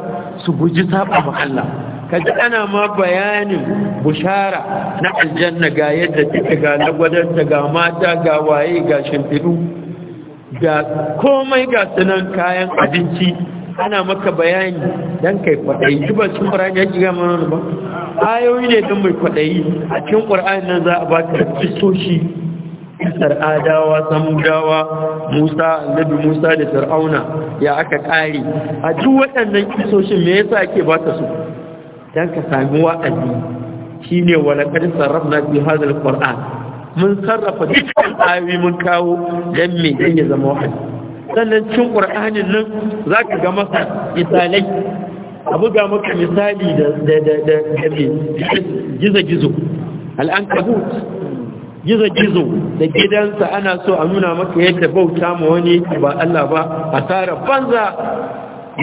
su guji saba ma Allah ji ana ma bayanin bushara na aljanna ga yadda take ga lagwadanta ga mata ga waye ga shimfiɗu ga komai ga sunan kayan abinci ana maka bayani dan kai kwaɗayi ba cikin ƙwararren ya gama mana ba ayoyi ne don mai kwaɗayi a cikin ƙwararren nan za a baka kristoshi kisar adawa samudawa musa annabi musa da fir'auna ya aka kare? a duk waɗannan kristoshin me yasa ake baka su Dan ka sami wa'azi shine walakar sarrafna fi hadal qur'an mun sarrafa dukkan ayoyi mun kawo don me ɗan ya zama wa'azi sannan cin ƙur'anin nan za ka ga masa misalai a buga maka misali da gizo-gizo al'ankabut gizo-gizo da gidansa ana so a nuna maka yadda bauta ma wani ba Allah ba a tsara banza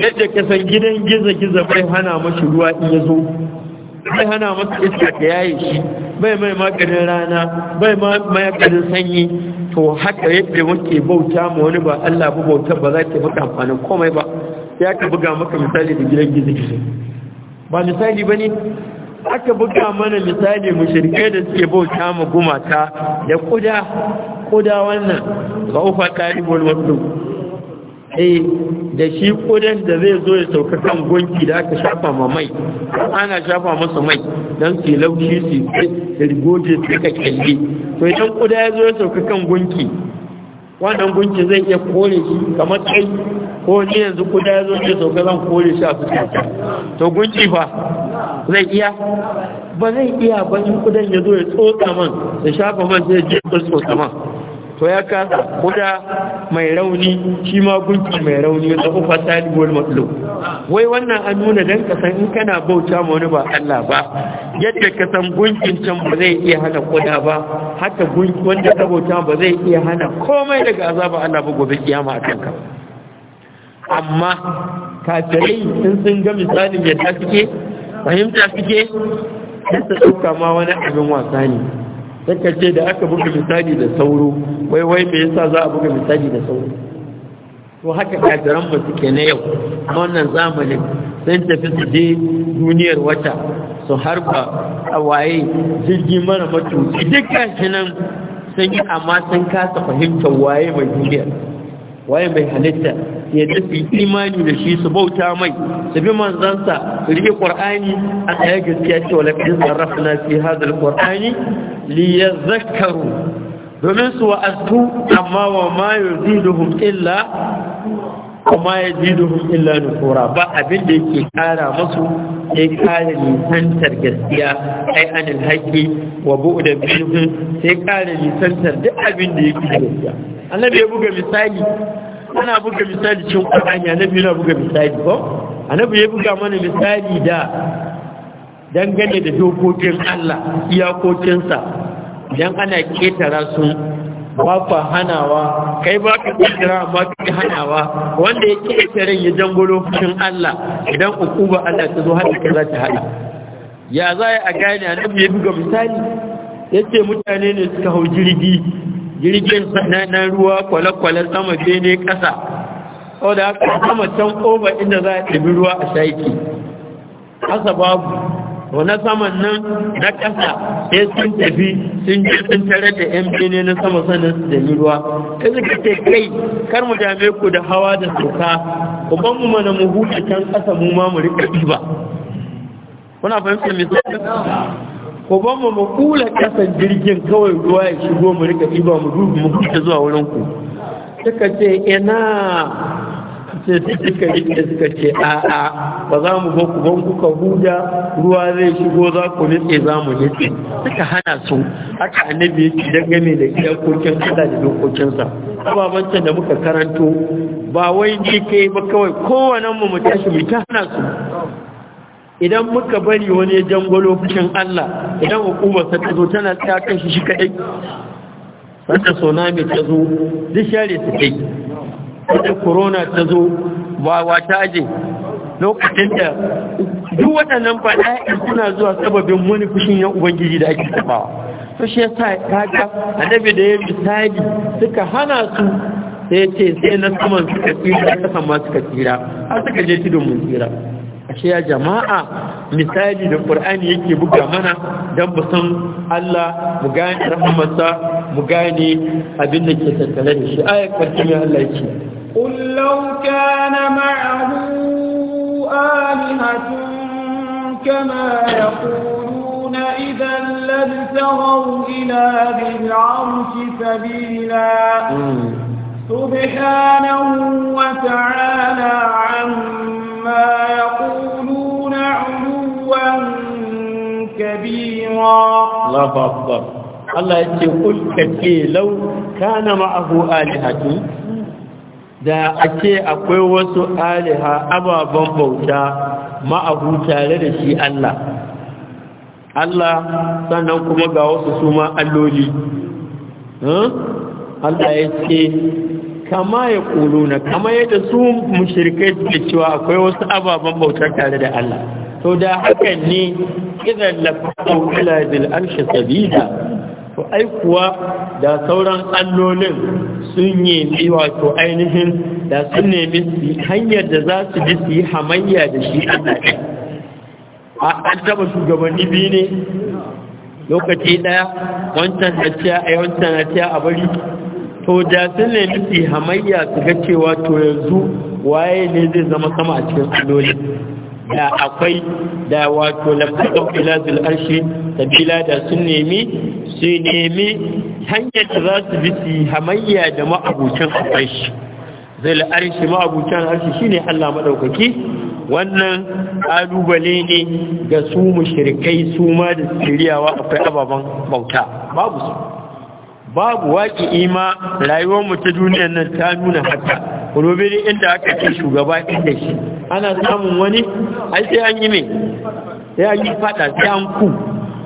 yadda kasan gidan gizo-gizo bai hana mashi ruwa in ya zo bai hana masa iska ka yaye shi bai mai maganin rana bai maganin sanyi to haka yadda muke bauta ma wani ba Allah ba bautar ba za ta maka amfanin komai ba ya ka buga maka misali da gidan gizo gizo ba misali ba ne aka buga mana misali shirke da suke bauta ma gumata da kuda kuda wannan ba ufa talibul wasu eh da shi kudin da zai zo ya sauka kan gunki da aka shafa ma mai ana shafa masa mai don su laushi su da rigoje su ka kyalle to idan kuda ya zo ya sauka kan gunki wannan gunki zai iya kore shi kamar kai ko ni yanzu kuda ya zo ya sauka zan kore shi a fuskanta to gunki fa zai iya ba zai iya ba in kudan ya zo ya tsotsa man da shafa man sai ya je tsotsa man to ya kasa kuda mai rauni shi ma gunki mai rauni wanda ku fasali wal matsalo wai wannan an nuna dan kasan in kana bauta ma wani ba Allah ba yadda kasan gunkin can ba zai iya hana kuda ba haka gunki wanda ka bauta ba zai iya hana komai daga azaba Allah ba gobe kiyama a kanka amma kafirai sun sun ga misalin yadda suke fahimta suke sai su ɗauka ma wani abin wasa ne suka ce da aka buga misali da sauro wai wai me yasa za a buga misali da sauro to haka kafiran mu suke na yau a wannan zamanin sun tafi su je duniyar wata su harba a waye jirgin mara matuki duk shi nan sun yi amma sun kasa fahimtar waye mai duniyar waye mai halitta yadda su imani da shi su bauta mai su bi manzansa su riƙe ƙwar'ani a tsaye gaskiya cewa laƙin sarrafa na fi hadar ƙwar'ani liya zakaru domin su wa'astu amma wa ma yuziduhum illa kuma ya ji duhun illa kora. ba abin da yake kara masu sai kara nisantar gaskiya ai anil haƙƙi wa bu'u da bihu sai kara nisantar duk abin da yake gaskiya annabi ya buga misali ana buga misali cin ƙwarani annabi yana buga misali ko annabi ya buga mana misali da dangane da dokokin Allah iyakokinsa idan ana ketara su ba hanawa kai ba ka ketara amma ka hanawa wanda ya ketaren ya jangolo fushin Allah idan ukuba Allah ta zo hada ka za ta hada ya za a gane annabi ya buga misali yace mutane ne suka hau jirgi jirgin na ruwa kwale-kwale sama bene ƙasa sau da haka sama can ƙoba inda za a ɗabi ruwa a shaiki ƙasa babu wane saman nan na ƙasa ya sun tafi sun je sun tare da yan bene na sama sanin da ruwa ta suka ce kai kar mu dame ku da hawa da sauka ban mu mana mu huta can ƙasa mu ma mu riƙa ɗiba kuna fahimtar misali ko ba mu mu kasan jirgin kawai ruwa ya shigo mu rika ɗiba mu dubu mu kuka zuwa wurin ku suka ce ina ce suka ne suka ce a'a ba za mu ku ban kuka huda ruwa zai shigo za ku nutse za mu nutse suka hana su haka annabi yake dangane da iyakokin kada da dokokinsa ababancin da muka karanto ba wai ni kai ba kawai kowannen mu mu tashi mu su idan muka bari wani jangolo fushin Allah idan hukumarsa ta zo tana tsaya kan shi kaɗai wata tsunami ta zo duk share su kai wata corona ta zo ba wata aje lokacin da duk waɗannan bala'in suna zuwa sababin wani fushin yan ubangiji da ake tabawa to shi yasa ga annabi da ya misali suka hana su sai ce sai na saman suka tsira kasan ma suka tsira har suka je tudun mun tsira ashe ya jama'a misali da ƙur'ani yake buga mana don mu san Allah mu gane rahmarsa mu gane abin da ke tattale da shi ayat karshe mai Allah yake qul law kana ma'ahu alihatun kama yaquluna idan labtaghaw ila dhil 'arshi sabila سبحانه وتعالى عما ما يقولون علوا كبيرا الله أكبر الله يقول كتي لو كان معه آلهة da ake akwai wasu aliha ababen bauta ma'abu tare da shi Allah Allah sannan kuma ga wasu suma alloli Allah ya ce kama ya na kama yadda su mushrikai suke cewa akwai wasu ababen bautar tare da Allah to da hakan ne idan lafafin fa'u ila dil sabida to aikuwa da sauran allolin sun yi wato ainihin da sun nemi hanyar da za su bi su yi hamayya da shi Allah an taba shugabanni biyu ne lokaci daya wancan na ciya a wancan na ciya a bari to da sun ne su hamayya su ga cewa to yanzu waye ne zai zama sama a cikin alloli da akwai da wato lafazin zil arshi da bila da sun nemi su nemi hanyar da za su bisi hamayya da ma'abucin arshi zil arshi ma'abucin arshi shine Allah madaukaki wannan kalubale ne ga su mushrikai su ma da siriyawa akwai ababen bauta babu su babu waki ima rayuwar mu ta duniyar nan ta nuna haka robe ne inda aka ce shugaba inda shi ana samun wani ai sai an yi ne sai an yi fada sai an ku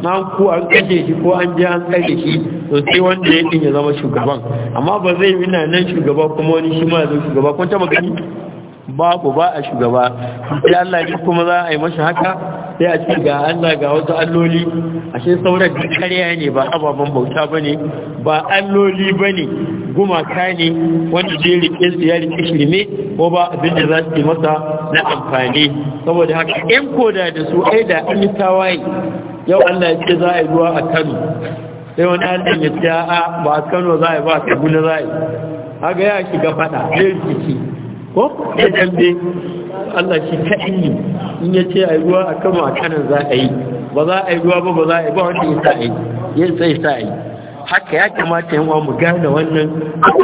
na ku an kashe shi ko an je an tsare shi to sai wanda ya ya zama shugaban amma ba zai yi nan shugaba kuma wani shi ma zai shugaba kun ta magani babu ba a shugaba sai Allah ya kuma za a yi masa haka sai a ce ga Allah ga wasu alloli ashe sauran duk karya ne ba ababen bauta bane ba alloli bane gumaka ne wanda zai rike su ya rike shirme ko ba abin da za su yi masa na amfani saboda haka in koda da su ai da an yi tawaye yau Allah ya ce za a yi ruwa a Kano sai wani an ya ce a ba a Kano za a yi ba a Kaduna za a yi haka ya shiga faɗa, zai rikici ko ya dambe Allah shi ka yi in ya ce a yi ruwa a kano a kanan za a yi ba za a yi ruwa ba ba za a yi ba wanda ya sa yi ya yi sa yi haka ya kamata yin mu gane wannan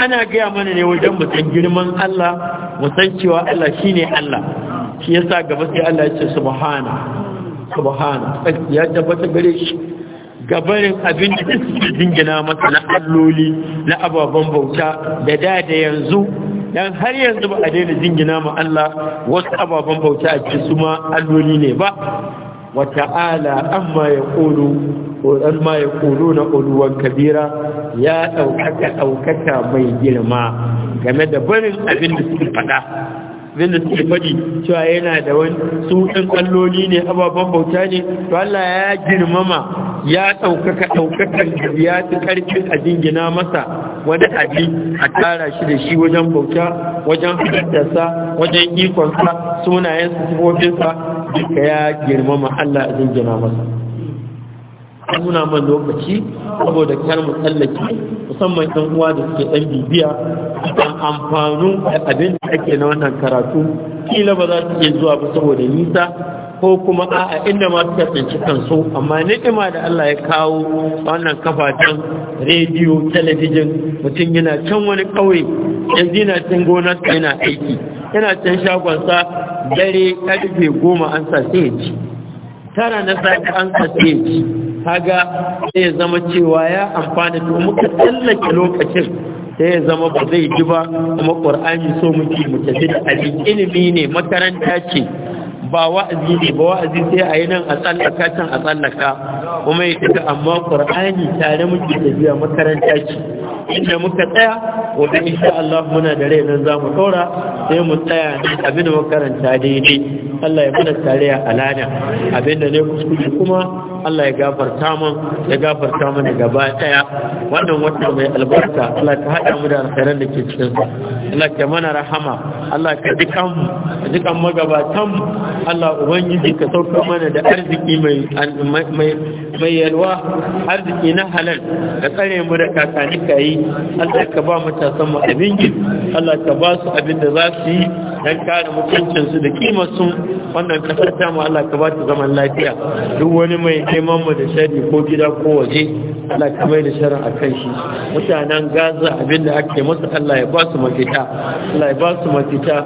ana gaya mana ne wajen mu san girman Allah mu san cewa Allah shine Allah shi yasa gaba sai Allah ya ce subhana subhana ya tabbata gare shi gabarin abin da suke jingina masa na alloli na ababen bauta da da da yanzu dan har yanzu ba a daina jingina ma Allah wasu ababen bauta a cikin su ma alloli ne ba wa ta'ala amma ya qulu na ma ya kabira ya ɗaukaka ɗaukaka mai girma game da barin abin da suke faɗa abin da suke faɗi cewa yana da wani su ɗin ne ababen bauta ne to Allah ya girmama ya ɗaukaka ɗaukakan da ya fi ƙarfin a jingina masa wani abin a tara shi da shi wajen bauta wajen haddasa wajen ikonsa sunayen sifofinsa duka ya girmama Allah a jingina masa an nuna man lokaci saboda kar mu musamman ɗan uwa da suke ɗan bibiya kan amfanu da abin da ake na wannan karatu kila ba za su iya zuwa ba saboda nisa ko kuma a'a inda ma suka tsinci kansu amma ni'ima da Allah ya kawo wannan kafafen rediyo talabijin mutum yana can wani ƙauye yanzu yana can gonarsa yana aiki yana can shagonsa dare ƙarfe goma an sa sai ya ci tara na safe an sa sai ya ci kaga sai ya zama cewa ya amfana to muka tallake lokacin sai ya zama ba zai ji ba kuma ƙur'ani so muke mu tafi da abin ilimi ne makaranta ce ba wa'azi ne ba wa'azi sai a yi nan a tsallaka can a tsallaka kuma ya tafi amma ƙur'ani tare muke tafiya makaranta ce inda muka tsaya wanda insha Allah muna da rai nan zamu tsora sai mu tsaya abin da muka karanta daidai Allah ya mana a alana abin da ne kuskure kuma Allah ya gafarta mun ya gafarta mana gaba daya wannan wata mai albarka Allah ta hada mu da alkhairan da ke cikin sa Allah ka mana rahama Allah ka dukan dukan magabatan Allah ubangiji ka sauka mana da arziki mai mai mai yalwa arziki na halal ka tsare mu da kakanni kai Allah ka ba matasan mu abin yi Allah ka ba su abin da za su yi dan kare mutuncin su da kimar su wannan kasar ta mu Allah ka ba ta zaman lafiya duk wani mai neman mu da shari ko gida ko waje Allah ka mai da a kan shi mutanen Gaza abin da ake musu Allah ya ba su mafita Allah ya ba su mafita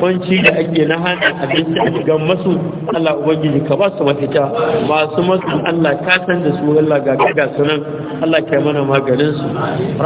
kwanci da ake na hana abinci a ga masu Allah ubangiji ka ba su mafita masu masu Allah ka san da su Allah ga ga sunan Allah ke mana maganin su